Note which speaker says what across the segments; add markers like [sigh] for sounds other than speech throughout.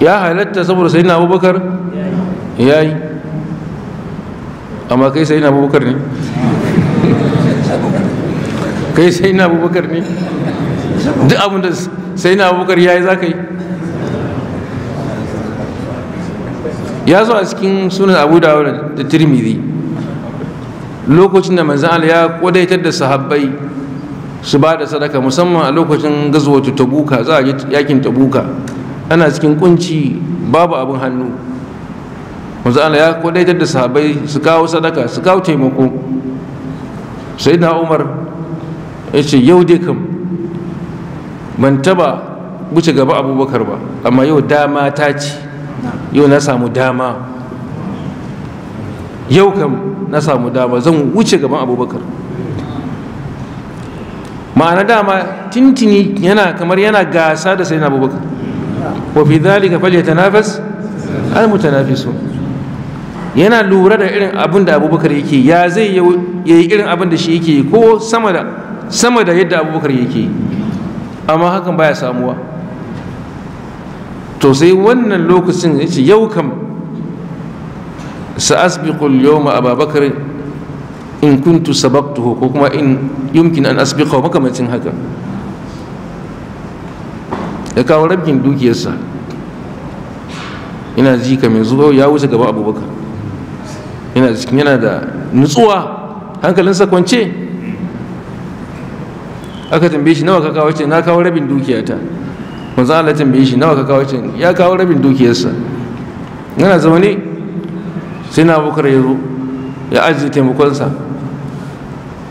Speaker 1: ya halatta saboda sai na abubakar ya yi amma kai sai na abubakar ne kai sai na abubakar ne duk abin da sai na abubakar ya yi za ka yi ya zo a cikin sunan abu da da tirmidhi lokacin da manzan Allah ya kwadaitar da sahabbai su ba da sadaka musamman a lokacin gazuwa tabuka za a yakin tabuka ana cikin kunci babu abin hannu manzo Allah ya kwadaitar da sahabbai su kawo sadaka su kawo taimako sai na Umar ya ce yau dai kam ban taba wuce gaba abubakar ba amma yau dama ta ce yau na samu dama yau kam na samu dama zan wuce gaban abubakar ma'ana dama tintini yana kamar yana gasa da sai na abubakar وفي ذلك فليتنافس المتنافسون yana lura da irin abin da abubakar yake ya zai yi irin abin da shi yake ko sama da yadda abubakar yake amma hakan baya samuwa to sai wannan lokacin ya ce yau kam sa'asbiqul yawma ababakar in kuntu sabaqtuhu ko kuma in yumkin an asbiqa makamancin haka da kawo rabin dukiyarsa ina ji ka mai zuwa ya wuce gaba abubakar yana cikin yana da nutsuwa hankalinsa kwance aka tambaye shi nawa ka kawo ce na kawo rabin dukiyata manzo Allah tambaye shi nawa ka kawo ce ya kawo rabin dukiyarsa yana zaune sai na bukar ya zo ya ajiye taimakonsa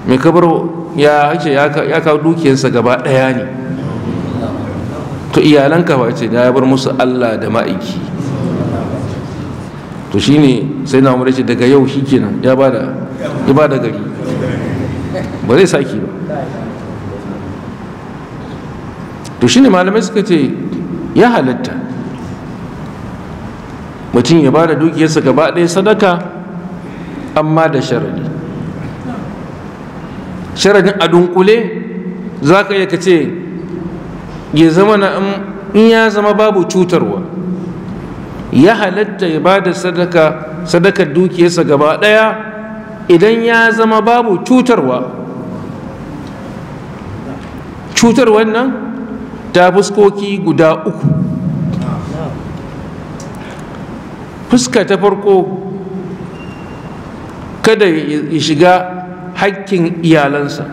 Speaker 1: mai kabar ya ya kawo dukiyarsa gaba ɗaya ne to iyalanka ba ce ya bar musu Allah da ma'aiki to shine sai na umar ce daga yau shikenan ya ba ya ba gari ba zai saki ba to shine malamai suka ce ya halatta mutum ya bada dukiyarsa gaba ɗaya sadaka amma da sharadi sharadin a dunkule za ka iya ka ce ya zama na in ya zama babu cutarwa ya halatta ya ba da sadaka sadakar dukiyarsa gaba ɗaya idan ya zama babu cutarwa cutar wannan ta fuskoki guda uku fuska ta farko kada ya shiga hakkin iyalansa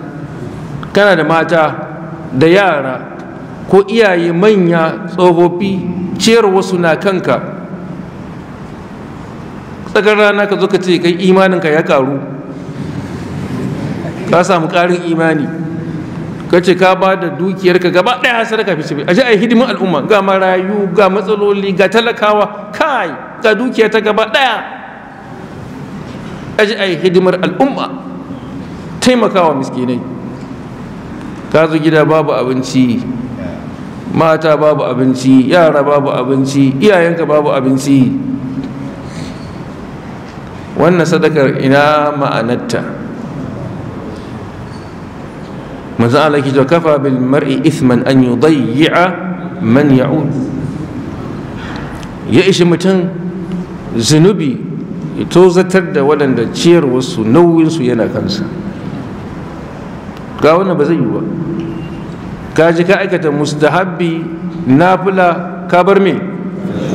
Speaker 1: kana da mata da yara ko iyaye manya tsofaffi ciyar wasu na kanka tsakar rana ka zo ka ce kai imaninka ya karu ka samu karin imani ka ce ka ba da dukiyarka gaba ɗaya hasar fi fice a ji a hidimin al'umma ga marayu ga matsaloli ga talakawa kai ga dukiya ta gaba ɗaya a ji a hidimar al'umma taimakawa miskinai ka zo gida babu abinci mata babu abinci yara babu abinci iyayenka babu abinci wannan sadakar ina ma'anarta manzo Allah ki kafa bil mar'i ithman an yudayya man ya'ud ya ishi mutum zunubi ya tozatar da waɗanda ciyarwarsu nauyinsu yana kansa ga wannan ba zai yi ba ka ji ka aikata mustahabbi nafila ka bar me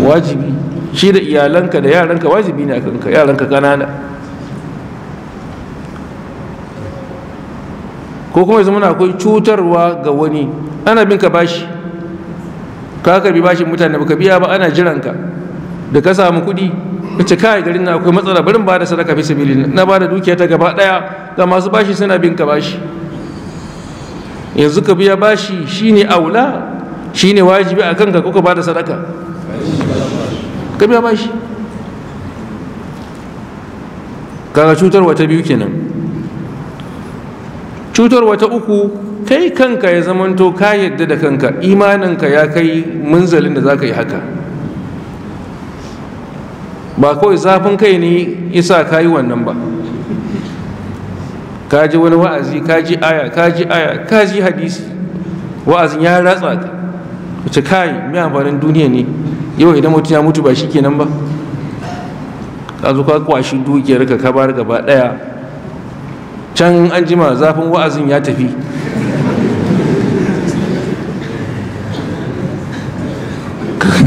Speaker 1: wajibi shi da iyalanka da yaranka wajibi ne a kanka yaranka kanana ko kuma yanzu muna akwai cutarwa ga wani ana bin ka bashi ka karbi bashin mutane baka biya ba ana jiranka da ka samu kuɗi ka ce kai garin na akwai matsala barin ba da sadaka fi sabili na ba da dukiya ta gaba ɗaya ga masu bashi suna bin ka bashi yanzu ka biya bashi shine aula shine wajibi a kanka ko ka bada sadaka ka biya bashi kaga cutarwa ta biyu kenan cutarwa ta uku kai kanka ya zamanto ka yadda da kanka imaninka ya kai munzalin da za ka yi haka ba kawai zafin kai ne isa ka yi wannan ba ka ji wani wa'azi ka aya ka aya kaji hadisi wa'azin ya ratsa ka wace kai mai amfanin duniya ne yau idan mutum ya mutu ba shi kenan ba ka zo ka kwashi dukiyar ka ka bar gaba daya can an jima zafin wa'azin ya tafi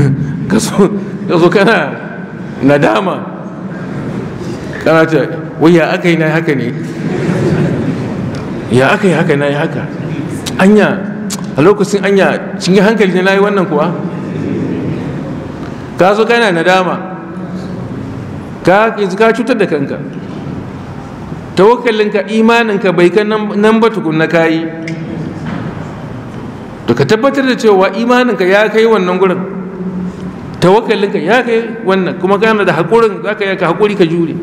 Speaker 1: [laughs] ka zo kana nadama kana ta waya aka yi na haka ne ya aka yi haka na yi haka anya a lokacin anya cikin hankali na yi wannan kuwa ka zo kana nadama ka cutar da kanka tawakkalinka imaninka bai kan nan ba tukun na kayi? to ka tabbatar da cewa imaninka ya kai wannan gurin tawakkalinka ya kai wannan kuma kana da haƙurin za ka yi ka haƙuri ka jure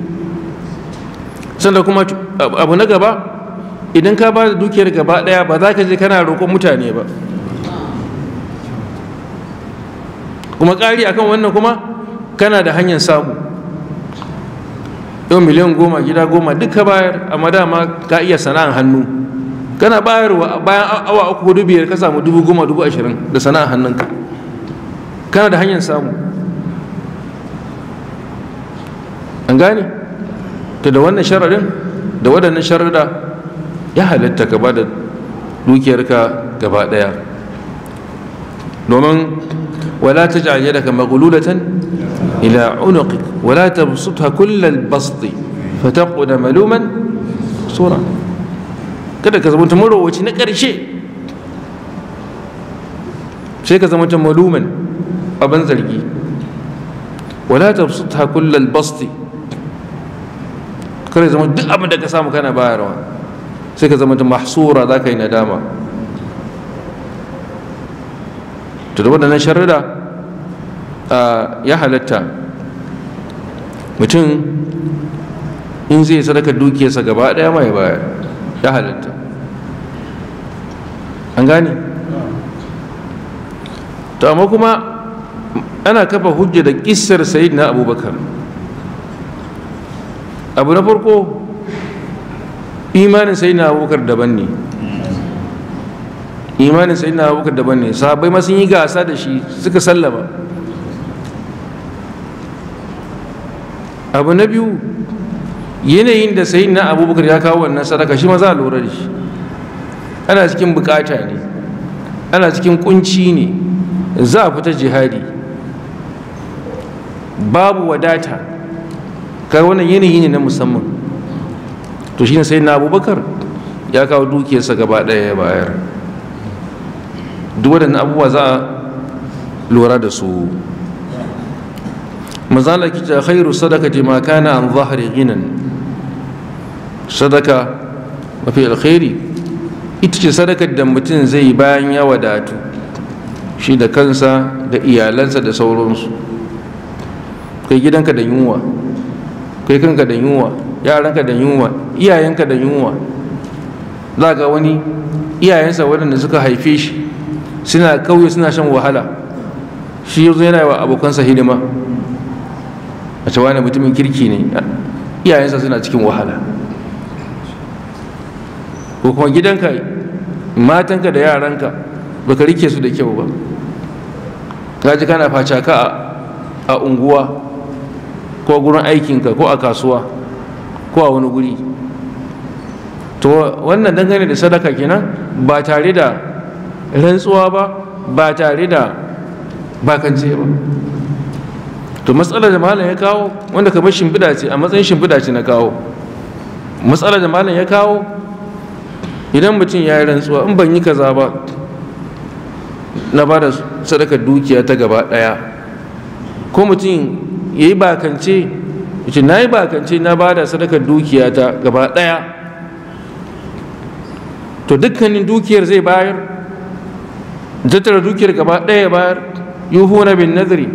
Speaker 1: sannan kuma abu na gaba idan ka ba da dukiyar gaba daya ba za ka je kana roƙon mutane ba kuma ƙari akan wannan kuma kana da hanyar samu yau miliyan goma gida goma duka bayar amma dama ka iya sana'an hannu kana bayarwa bayan awa uku hudu biyar ka samu dubu goma dubu ashirin da sana'an hannunka kana da hanyar samu an gane to da wannan shararin da waɗannan sharaɗa ya halitta ka ba da dukiyarka gaba daya domin wala ta ji da kama gululatan ila unuqi wala ta ta kullal basti fataƙo da maluman tsora kada ka zamanta marowaci na ƙarshe sai ka zamanta maluman abin zargi wala ta ta kullal basti kare zama duk abin da ka samu kana bayarwa sai ka zama ta mahsura za ka yi nadama to da waɗannan sharrida ya halatta mutum in zai sadaka dukiyarsa gaba ɗaya mai baya ya halatta an gane to amma kuma ana kafa hujja da kissar sayid na abubakar abu na farko imanin sai na abubakar daban ne imanin sai na abubakar daban ne sahabbai ma sun yi gasa da shi suka sallama abu na biyu yanayin da sai na abubakar ya kawo wannan sadaka shi ma za a lura da shi ana cikin bukata ne ana cikin kunci ne za a fita jihadi babu wadata kai wannan yanayi ne na musamman to shine sai na abubakar ya kawo dukiyarsa gaba ɗaya ya bayar duk abubuwa za a lura da su mazala ki ta khairu sadaka ma kana an zahari ginan sadaka mafi alkhairi ita ce sadakar da mutum zai bayan ya wadatu shi da kansa da iyalansa da sauransu kai gidanka da yunwa kai kanka da yunwa yaranka da yunwa iyayenka da yunwa za ga wani iyayensa waɗanda suka haife shi suna kauye suna shan wahala shi yanzu yana wa abokansa hidima a cewa ne mutumin kirki ne iyayensa suna cikin wahala ko kuma gidanka matanka da yaranka baka rike su da kyau ba gaji kana facaka a unguwa ko gurin aikinka ko a kasuwa ko a wani guri to wannan dangane da sadaka kenan ba tare da rantsuwa ba ba tare da bakance ba to matsalar da malam ya kawo wanda kamar shimfiɗa ce a matsayin shimfiɗa ce na kawo matsalar da malam ya kawo idan mutum ya yi rantsuwa in ban yi kaza ba na ba da sadakar dukiya ta gaba ɗaya ko mutum ya yi bakance yace na yi bakance na ba da sadakar dukiyata gaba ɗaya to dukkanin dukiyar zai bayar tattara dukiyar gaba ɗaya bayar na bin nadri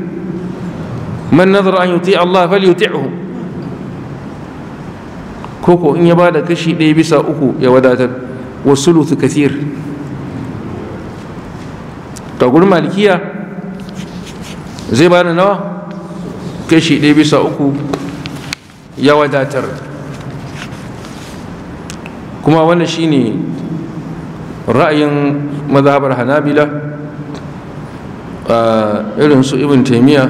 Speaker 1: man nazar an yuti Allah fal yuti'hu Ko in ya ba da kashi ɗaya bisa uku ya wadatar wasu lutu kathir ta gurin malikiya zai ba da nawa kashi ɗaya bisa uku ya wadatar kuma wannan shine ra'ayin mazhabar hanabila irin su ibn taimiyya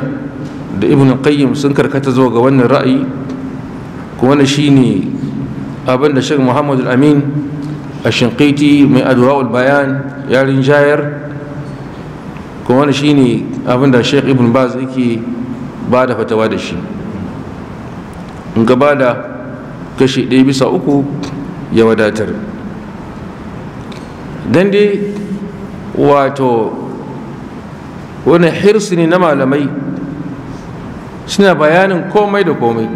Speaker 1: da ibn qayyim sun karkata zuwa ga wannan ra'ayi kuma wannan shine abin da shek muhammad amin a shinkaiti mai adwa'ul bayan yarin jayar kuma wannan shine abin da shek ibn baz yake ba da fatawa da shi gaba da kashi ɗaya bisa uku ya wadatar don dai wato wani hirsi ne na malamai suna bayanin komai da komai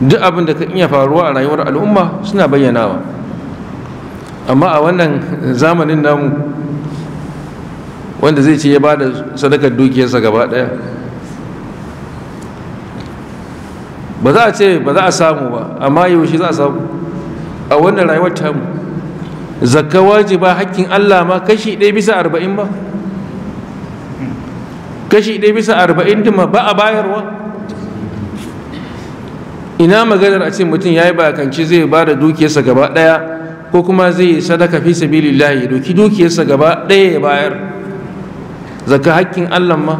Speaker 1: duk abin da ka iya faruwa a rayuwar al'umma suna bayyanawa amma a wannan zamanin namu wanda zai ce ya ba da sadakar dukiyarsa gaba ɗaya ba za a ce ba za a samu ba amma yaushe za a samu a wannan rayuwar tamu zakka wajiba hakkin Allah ma kashi ɗaya bisa arba'in ba kashi ɗaya bisa arba'in ma ba a bayarwa ina maganar a ce mutum ya yi bakanci zai ba da dukiyarsa gaba ɗaya ko kuma zai sadaka fi sabilillahi ya doki dukiyarsa gaba ɗaya ya bayar zaka hakkin allah ma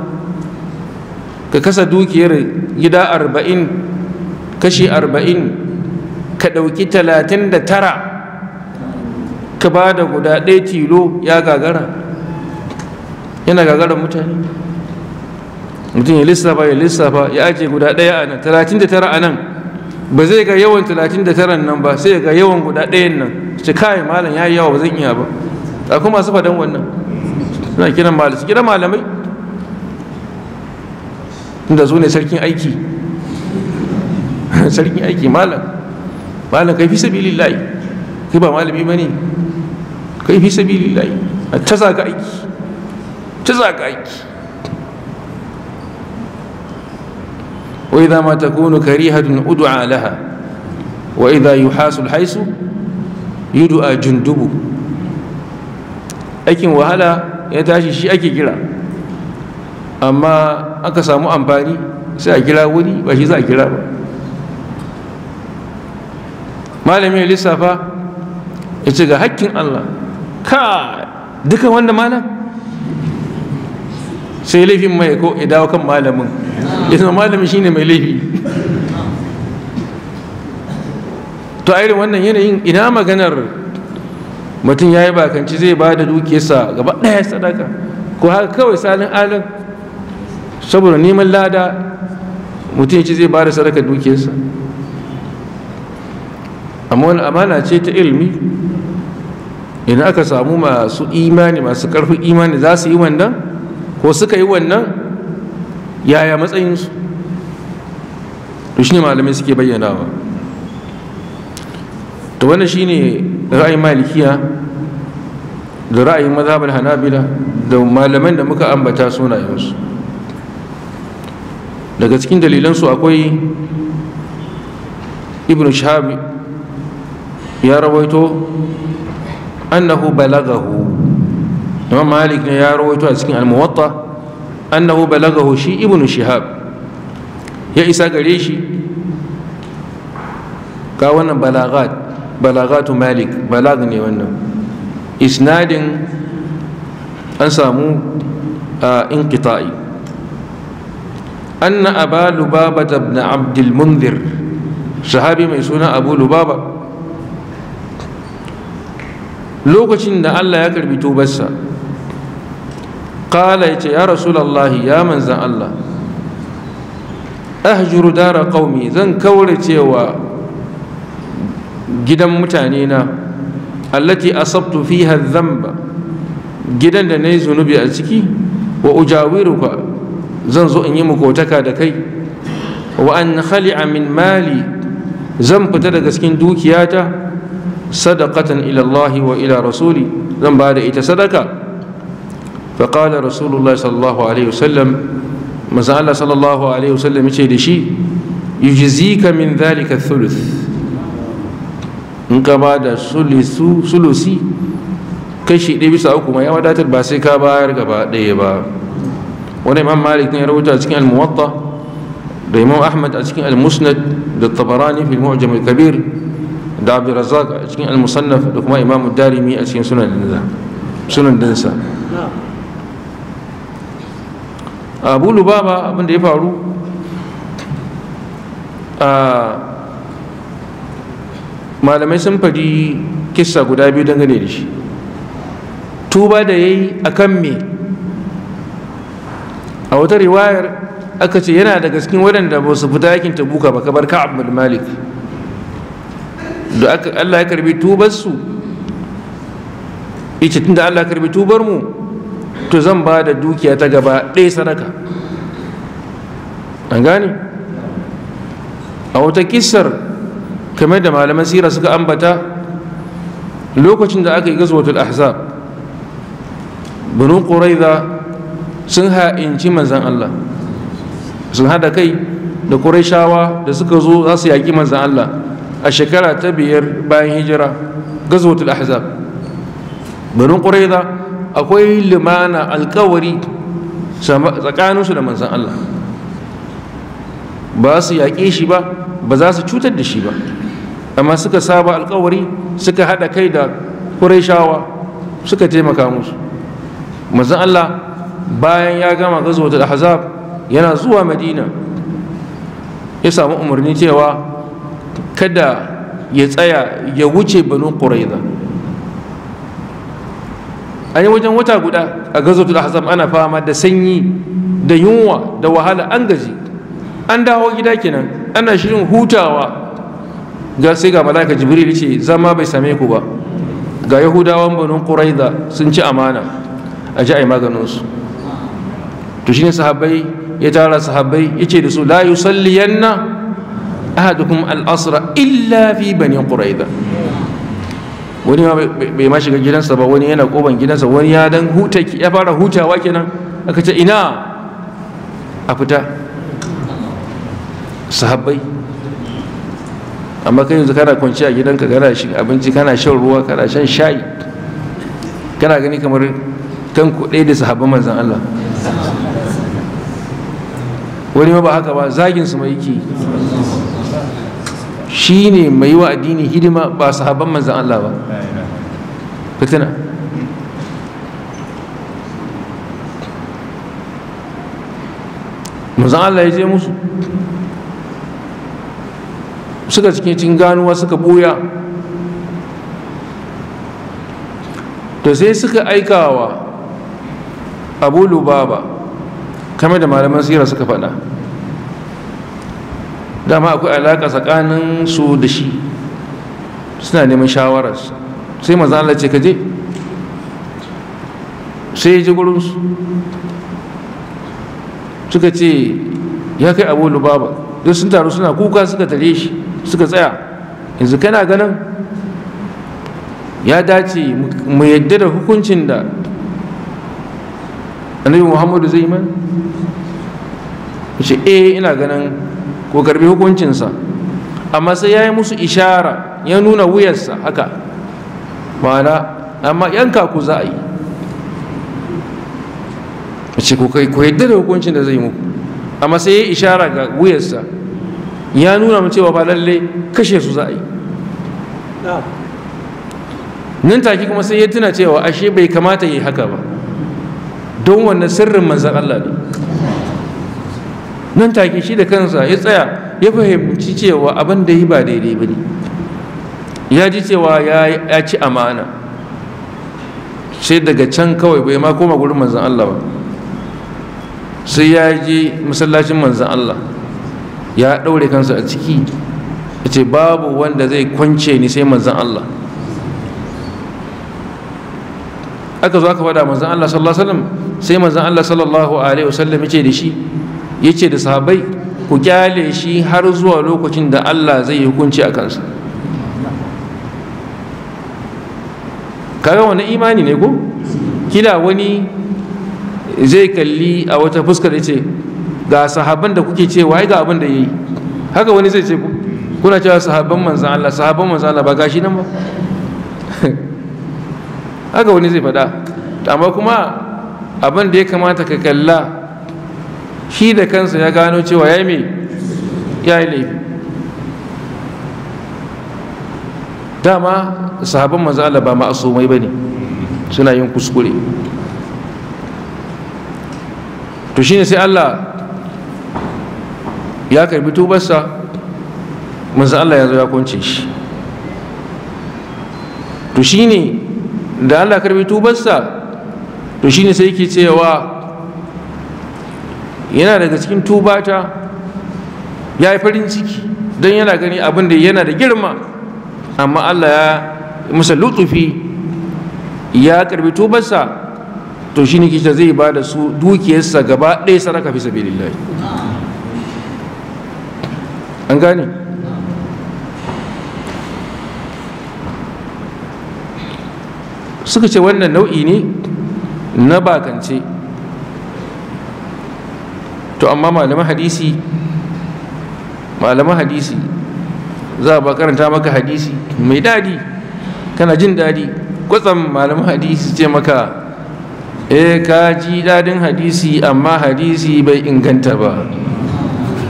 Speaker 1: ka kasa dukiyar gida arba'in kashi arba'in ka ɗauki talatin da tara ka ba da guda ɗaya tilo ya gagara yana gagara mutane mutum ya lissafa ya lissafa ya ajiye guda ɗaya a nan talatin da tara a nan ba zai ga yawan talatin da taran nan ba sai ga yawan guda ɗayan nan ce kai malam ya yi yawa ba zan iya ba a kuma su fadan wannan suna kiran malamai kiran malamai inda su ne sarkin aiki [laughs] sarkin aiki malam malam kai fi sabilillahi kai ba malami ba ne, kai fi sabilillahi ta za ka aiki ta za ka aiki wa idza ma takunu karihatun ud'a laha wa idza yuhasul haisu yud'a jundubu aikin wahala ya tashi shi ake kira amma aka samu amfani sai a kira wani ba shi za a kira ba malami ya lissafa ya ce ga hakkin Allah ka duka wanda malam sai laifin mai ko ya dawo kan malamin ya zama malami shine mai laifi to a irin wannan yanayin ina maganar mutum ya yi bakanci zai ba da dukiyarsa gaba ɗaya sadaka ko haka kawai salin alin saboda neman lada mutum ya ci zai ba da sadaka dukiyarsa amma wani amana ce ta ilmi idan aka samu masu imani masu karfin imani za su yi wannan ko suka yi wannan yaya matsayinsu to shi ne malamai suke bayyanawa to wannan ne ra'ayin malikiya da ra'ayin mazhabar hanabila da malaman da muka ambata sunayensu daga cikin dalilansu akwai ibn shahab ya rawaito annahu balagahu imam malik ne ya rawaito a cikin almuwatta annahu balagahu shi ibnu shihab ya isa gare shi ga wannan balagat balagatu malik balag ne wannan isnadin an samu inqita'i anna aba lubaba ibn abd al-munzir sahabi mai suna abu lubaba lokacin da Allah ya karbi tubarsa qala yace ya rasulullahi ya manzan Allah ahjuru dara ƙaumi zan kaure cewa gidan mutane na allati asabtu fiha dhanba gidan da nayi zunubi a ciki wa ka zan zo in yi mukotaka da kai wa an khali'a min mali zan fita daga cikin dukiyata sadaqatan ilallahi wa ila rasuli zan ba da ita sadaka fa qala rasulullah sallallahu alaihi wasallam manzo Allah sallallahu alaihi wasallam ce da shi yujzika min dhalika thuluth in ka ba da sulusi kashi ɗaya bisa uku ma ya wadatar ba sai ka bayar gaba ɗaya ba wani imam malik ne ya rubuta a cikin al da imam ahmad a cikin al-musnad da tabarani fil mu'jam al-kabir da abdurrazzaq a cikin al-musannaf da kuma imam darimi a cikin sunan dinsa sunan dinsa abu lubaba ya faru malamai sun faɗi kissa guda biyu dangane da shi tuba da ya yi a kan me a wata riwayar aka ce yana daga cikin waɗanda ba su fita yakin tabuka ba kabar ka'ab malik da Allah ya karbi tubarsu ita tunda Allah ya karbi tubar mu to zan ba da dukiya ta gaba ɗaya sadaka an gane a wata kissar kamar da malaman sira suka ambata lokacin da aka yi gazwatul ahzab banu quraiza sun ha'inci manzan Allah sun hada kai da qurayshawa da suka zo za su yaƙi manzan Allah a shekara ta biyar bayan hijira gazwatul ahzab banu qurayza akwai limana alkawari tsakaninsu da manzon Allah ba su yaƙe shi ba ba za su cutar da shi ba amma suka saba alkawari suka haɗa kai da ƙurayshawa suka taimaka musu manzon Allah bayan ya gama gazwatul ahzab yana zuwa madina ya samu umarni cewa kada ya tsaya ya wuce banu ƙuraiza a yi wajen wata guda a da ahzab ana fama da sanyi da yunwa da wahala an gaji an dawo gida kenan ana shirin hutawa ga sai ga malaka jibril ce zama bai same ku ba ga yahudawan banu ƙuraiza sun ci amana a ji a yi maganinsu to ne sahabbai ya tara sahabbai ya ce da su la yusalliyanna ahadukum al-asra illa fi bani quraiza wani ma bai ma shiga gidansa ba wani yana koban gidansa wani ya dan huta ya fara hutawa kenan aka ce ina a fita sahabbai amma kai yanzu kana kwanci a gidanka kana shin abinci kana shan ruwa kana shan shayi kana gani kamar kan kuɗe da sahabban manzan Allah wani ma ba haka ba zagin su mai yake shi ne mai wa addini hidima ba sahabban manzan Allah ba fitina manzan Allah ya je musu suka cikin cin ganuwa suka boya to sai suka aikawa abu lubaba kamar da malaman sira suka faɗa dama akwai alaƙa tsakanin su da shi suna neman shawarar sai mazala ce ka je sai ya ji gurinsu suka ce ya kai abu lubaba duk sun taru suna kuka suka tare shi suka tsaya yanzu kana ganin ya dace mu yadda da hukuncin da annabi muhammadu zai man ce eh ina ganin ko karbi hukuncinsa amma sai ya yi musu ishara ya nuna wuyarsa haka ma'ana amma yanka ku za a yi a ce ku yadda da hukuncin da zai muku amma sai ya yi ishara ga wuyarsa ya nuna mu cewa ba lalle kashe su za a yi nan take kuma sai ya tuna cewa ashe bai kamata yi haka ba don wannan sirrin manzan Allah ne nan take shi da kansa ya tsaya ya fahimci cewa abin da yi ba daidai ba ne ya ji cewa ya ci amana sai daga can kawai bai ma koma gurin manzan Allah ba sai ya ji masallacin manzan Allah ya ɗaure kansa a ciki ya ce babu wanda zai kwance ni sai manzan Allah aka zo aka faɗa manzan Allah sallallahu alaihi wasallam sai manzan Allah sallallahu alaihi wasallam ya ce da shi yace da sahabbai ku kyale shi har zuwa lokacin da Allah zai hukunci a kansa kaga wani imani ne ko kila wani zai kalli a wata fuskar ya ce ga sahabban da kuke cewa ai ga abin da ya yi haka wani zai ce ku kuna cewa sahabban manzan Allah sahabban manzan Allah ba gashi nan ba [laughs] haka wani zai faɗa amma kuma abin da ya kamata ka kalla shi da kansa ya gano cewa ya yi ya yi laifi dama sahabban manzo Allah ba ma'asumai bane suna yin kuskure to shine sai Allah ya karbi tubarsa manzo Allah ya zo ya kunce shi to shine da Allah karbi tubarsa to shine sai yake cewa yana daga cikin tubata ya yi farin ciki don yana gani abin da yana da girma amma allah ya masa lutufi ya karbi tubarsa to shi ne kisa zai ba da su dukiyarsa gaba ɗaya saraka fi sabi lillahi an gane suka ce wannan nau'i ne na bakance to amma malaman hadisi malaman hadisi za ba karanta maka hadisi mai daɗi kana jin daɗi kwatsam malaman hadisi ce maka E, ka ji daɗin hadisi amma hadisi bai inganta ba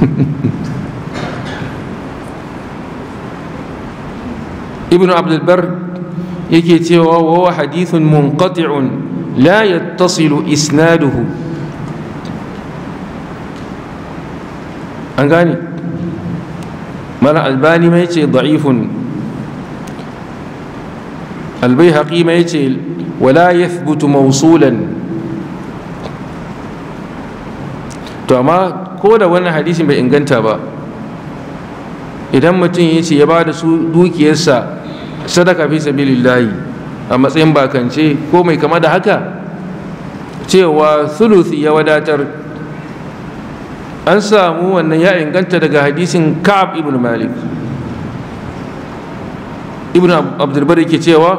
Speaker 1: [laughs] ibn abdulbar yake cewa wa hadithun munqati'un la yattasilu isnaduhu an gane mana albani mai ce da'ifun albai haƙi mai ce wala ya butu mausulan to amma ko da wannan hadisin bai inganta ba idan mutum ya ce ya ba da su dukiyarsa sadaka fi sabilillahi a matsayin bakance ko mai kama da haka cewa sulusi ya wadatar an samu wannan ya inganta daga hadisin ka'ab ibn malik ibn abdulbar ke cewa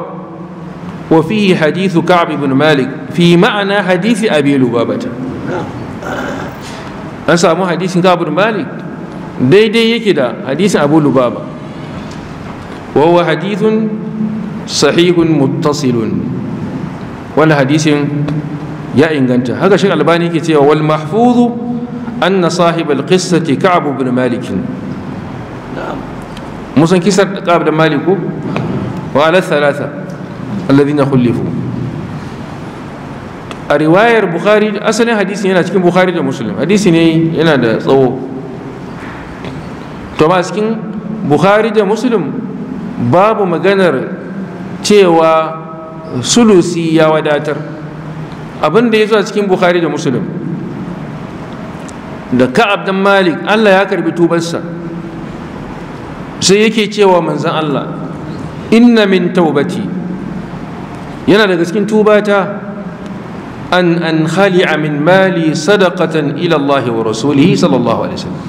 Speaker 1: wa fihi hadithu ka'ab ibn malik fi ma'ana hadithi abi lubabata an samu hadisin ka'ab ibn malik daidai yake da hadisin abu lubaba wa huwa hadithun sahihun muttasilun wannan hadisin ya inganta haka shi albani yake cewa wal mahfuzu أن صاحب القصة كعب بن مالك موسى انكسر كعب بن مالك وعلى الثلاثة الذين خلفوا a asalin hadisi yana cikin bukhari da muslim hadisi ne yana da tsawo to ma bukhari da muslim babu maganar cewa sulusi ya wadatar abin da ya zo a cikin bukhari da da ka'ab dan malik Allah ya karbi tubarsa sai yake cewa manzan Allah inna min taubati yana daga cikin tubata an an khali'a min mali sadaqatan ila Allah wa rasulihi sallallahu alaihi wasallam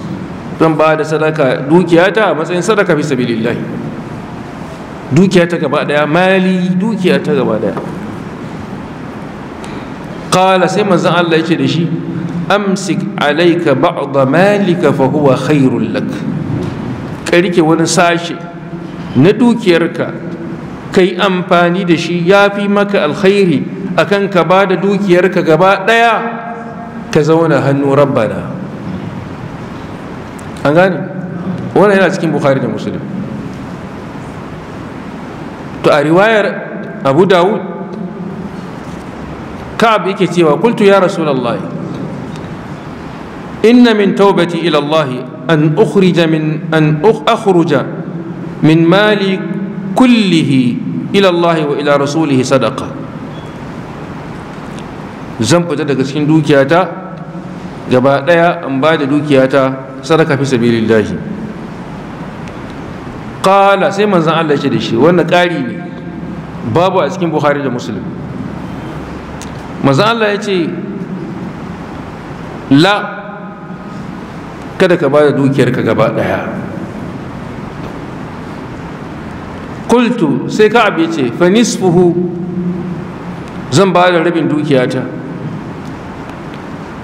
Speaker 1: zan ba da sadaka dukiyata a matsayin sadaka fi sabilillah dukiyata gaba daya mali dukiyata gaba daya qala sai manzon Allah yake da shi amsik alaika ba'da malika fa huwa khairul lak ka rike wani sashe na dukiyarka kai amfani da shi ya fi maka alkhairi akan ka ba da dukiyarka gaba daya. ka zauna hannu rabbana an gane wannan yana cikin bukhari da muslim to a riwayar abu dawud ka'ab yake cewa kultu ya rasulallah Inna min توبتي إلى الله أن أخرج من أن أخرج من مالي كله إلى zan fita daga cikin dukiyata gaba ɗaya in ba da dukiyata sadaka fi sabilillahi qala sai manzon Allah ya ce da shi wannan ƙari ne babu a cikin Buhari da Muslim manzon Allah ya ce la kada ka bada dukiyarka gaba daya kultu sai ka ya ce fa nisfuhu zan ba da rabin dukiyata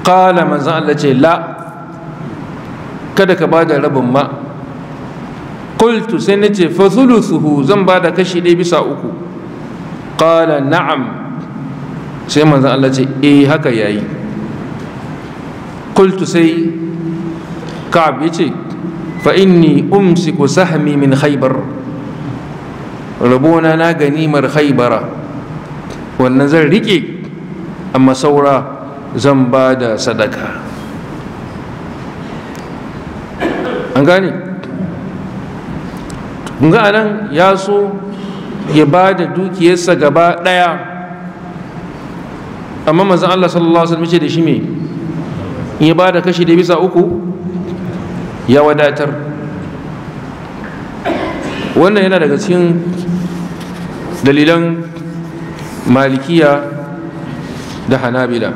Speaker 1: ƙala manzan Allah ce la kada ka ba da rabin ma kultu sai na ce fa thuluthuhu zan ba da kashi ɗaya bisa uku ƙala na'am sai manzan Allah ce eh haka yayi kultu sai ka'ab ya ce fa inni umsiku sahmi min khaybar rabona na ganimar haibara wannan zan rike amma saura zan ba da sadaka an gane ga anan ya so ya ba da dukiyarsa gaba ɗaya amma mazan allah sallallahu alaihi wasallam ce da shi me ya ba da kashi da bisa uku ya wadatar wannan yana daga cikin dalilan malikiya da hanabila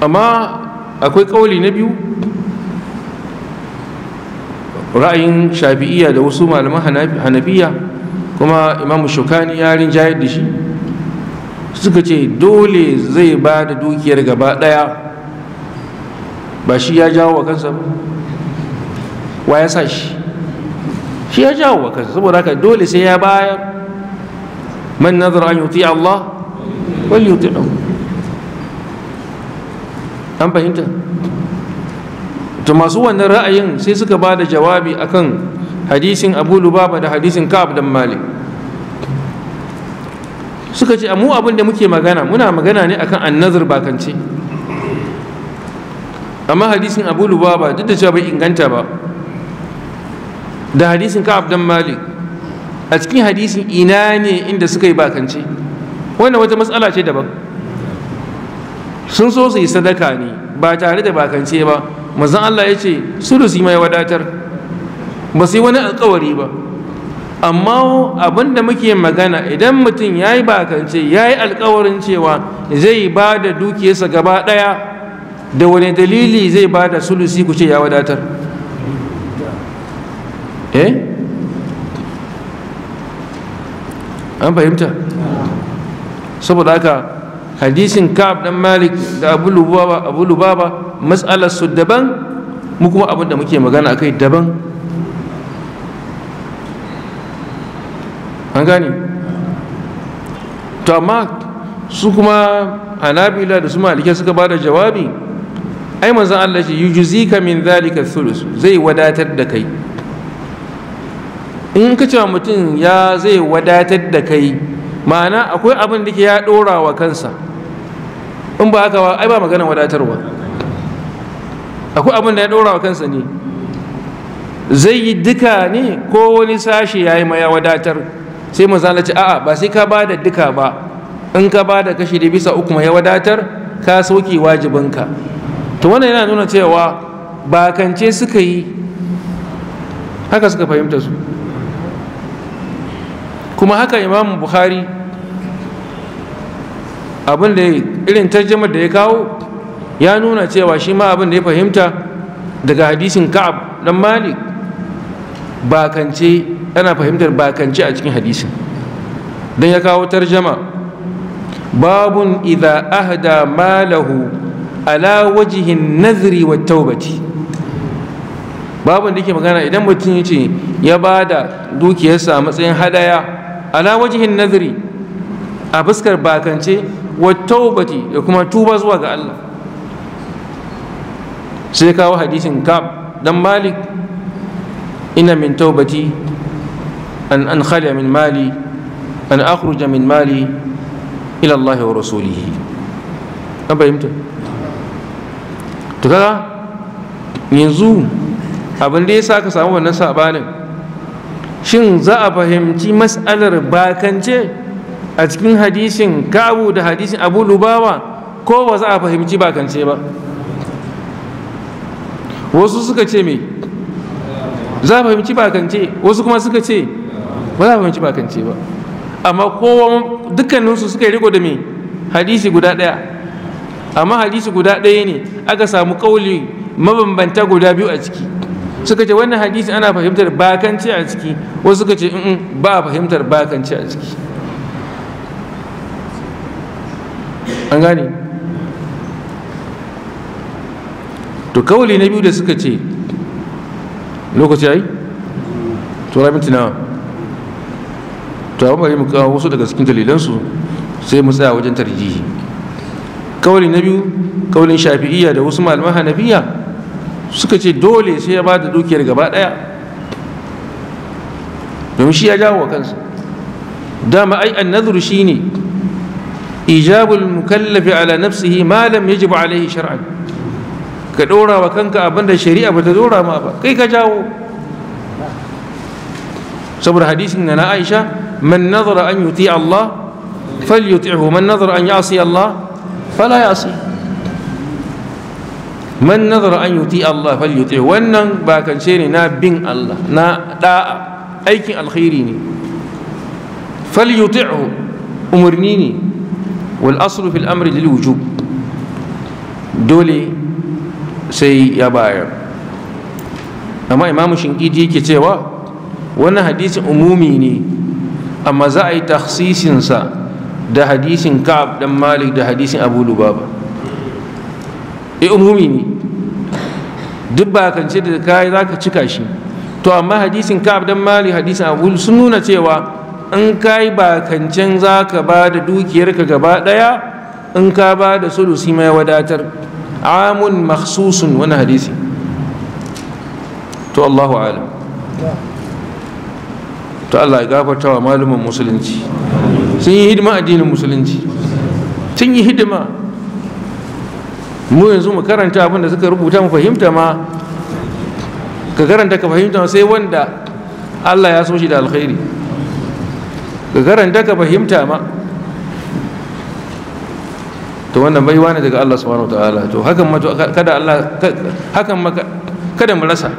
Speaker 1: amma akwai ƙauli na biyu ra'ayin shafi'iyya da wasu malaman hanabiya kuma imamu shukani ya rinjayar da shi suka ce dole zai ba da dukiyar gaba ɗaya ba shi ya jawo wa kansa ba wa ya sa shi shi ya jawo wa kansa saboda haka dole sai ya bayar man nazar an yuti Allah wal yuti an fahimta to masu wannan ra'ayin sai suka ba da jawabi akan hadisin abu lubaba da hadisin ka'ab dan malik suka ce mu abin da muke magana muna magana ne akan annazar bakance amma hadisin abu lubaba duk da cewa bai inganta ba da hadisin ka dan malik a cikin hadisin ina ne inda suka yi bakance wannan wata matsala ce daban sun so su yi sadaka ne ba tare da bakance ba mazan Allah ya ce sulusi mai wadatar ba su yi wani alkawari ba amma abin da muke magana idan mutum ya yi bakance ya yi alkawarin cewa zai ba da dukiyarsa gaba ɗaya da wani dalili zai ba da sulusi ku ce ya wadatar eh an fahimta saboda haka hadisin Kaf dan malik da abu lubaba abu lubaba matsalar su daban mu kuma abin da muke magana akai daban an gane to amma su kuma anabila da su malike suka ba da jawabi ai manzon Allah ce yujzika min zalika thuluth zai wadatar da kai in ka cewa mutum ya zai wadatar da kai ma'ana akwai abin da ke ya dora wa kansa in ba haka ba ai ba magana wadatarwa akwai abin da ya dora wa kansa ne zai yi duka ne ko wani sashi ya yi ma ya wadatar sai manzon Allah ce a'a ba sai ka ba da duka ba in ka ba da kashi da bisa uku ma ya wadatar ka sauke wajibinka to wannan yana nuna cewa bakance suka yi haka suka fahimta su kuma haka imamu bukhari abin da irin tarjamar da ya kawo ya nuna cewa shi ma abin da ya fahimta daga hadisin ka'ab dan malik bakance ana fahimtar bakance a cikin hadisin don ya kawo tarjama babun idha ahda malahu ala wajihin nazari wa taubati babin da ke magana idan mutum ya ce ya ba da dukiyarsa a matsayin hadaya ala wajihin nazari a fuskar bakance wa taubati da kuma tuba zuwa ga Allah sai kawo hadisin kab dan malik ina min taubati an an khala min mali an akhruja min mali ila Allah wa rasulihi an fahimta to kaga yanzu abin da ya sa ka samu wannan sabanin shin za a fahimci matsalar bakance a cikin hadisin kabu da hadisin abu lubawa ko ba za a fahimci bakance ba wasu suka ce me za a fahimci bakance wasu kuma suka ce ba za a fahimci bakance ba amma kowa dukkaninsu suka yi riko da me hadisi guda ɗaya amma hadisi guda ɗaya ne aka samu kauli mabambanta guda biyu a ciki suka ce wannan hadisi ana fahimtar bakanci a ciki wasu suka ce in ba fahimtar bakanci a ciki an gane to kauli na biyu da suka ce lokaci ai to rabin tunawa to abin bari mu kawo wasu daga cikin dalilansu sai mu tsaya wajen tarjihi kauli na biyu kaulin shafi'iyya da wasu malaman hanafiya suka ce dole sai ya ba da dukiyar gaba ɗaya domin shi ya jawo wa kansa dama ai annadhuru shine ijabul mukallafi ala nafsihi ma lam yajibu alaihi shar'an ka dora wa kanka abinda shari'a bata dora ma ba kai ka jawo saboda hadisin na Aisha man nazara an yuti Allah falyuti'hu man nazara an ya'si Allah فلا يعصي من نظر أن يطيع الله فليطيع وأن باكن شيء نا بين الله نا دا أيك الخيرين فليطيعه أمرنيني والأصل في الأمر للوجوب دولي سي يا باير أما إمام الشنقيدي كتير وأن هديت أموميني أما زاي تخصيص إنسان da hadisin ka'ab dan malik da hadisin abu lubaba eh, umumi ne duk ba ce da kai za ka cika shi to amma hadisin ka'ab dan malik hadisin abu sun nuna cewa in kai ba kancen za ka ba da dukiyarka gaba daya in ka ba da sulusi mai wadatar amun makhsusun wani hadisi to Allahu alam to Allah ya gafarta wa malumin musulunci sun yi hidima addinin musulunci sun yi hidima mu yanzu mu karanta abin da suka rubuta mu fahimta ma ka karanta ka fahimta sai wanda allah ya so shi da alkhairi ka karanta ka fahimta ma to wannan baiwa ne daga allah subhanahu wa ta'ala to hakan ma kada allah hakan ma kada mu rasa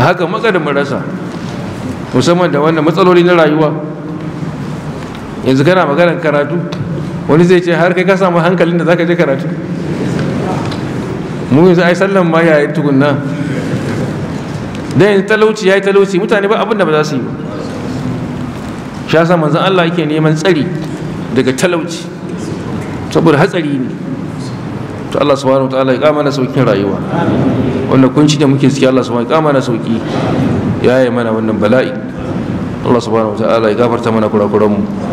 Speaker 1: hakan ma kada mu rasa musamman da wannan matsaloli na rayuwa yanzu kana maganar karatu wani zai ce har kai ka samu hankalin da zaka je karatu mu yanzu ai sallan ma yayin tukunna dan yanzu talauci yayi talauci mutane ba abin da ba za su yi ba shi yasa manzon Allah yake neman tsari daga talauci saboda hatsari ne to Allah subhanahu wataala ya kama na saukin rayuwa wannan kunci da muke ciki Allah subhanahu ya kama na sauki ya yi mana wannan bala'i Allah subhanahu wataala ya gafarta mana kurakuranmu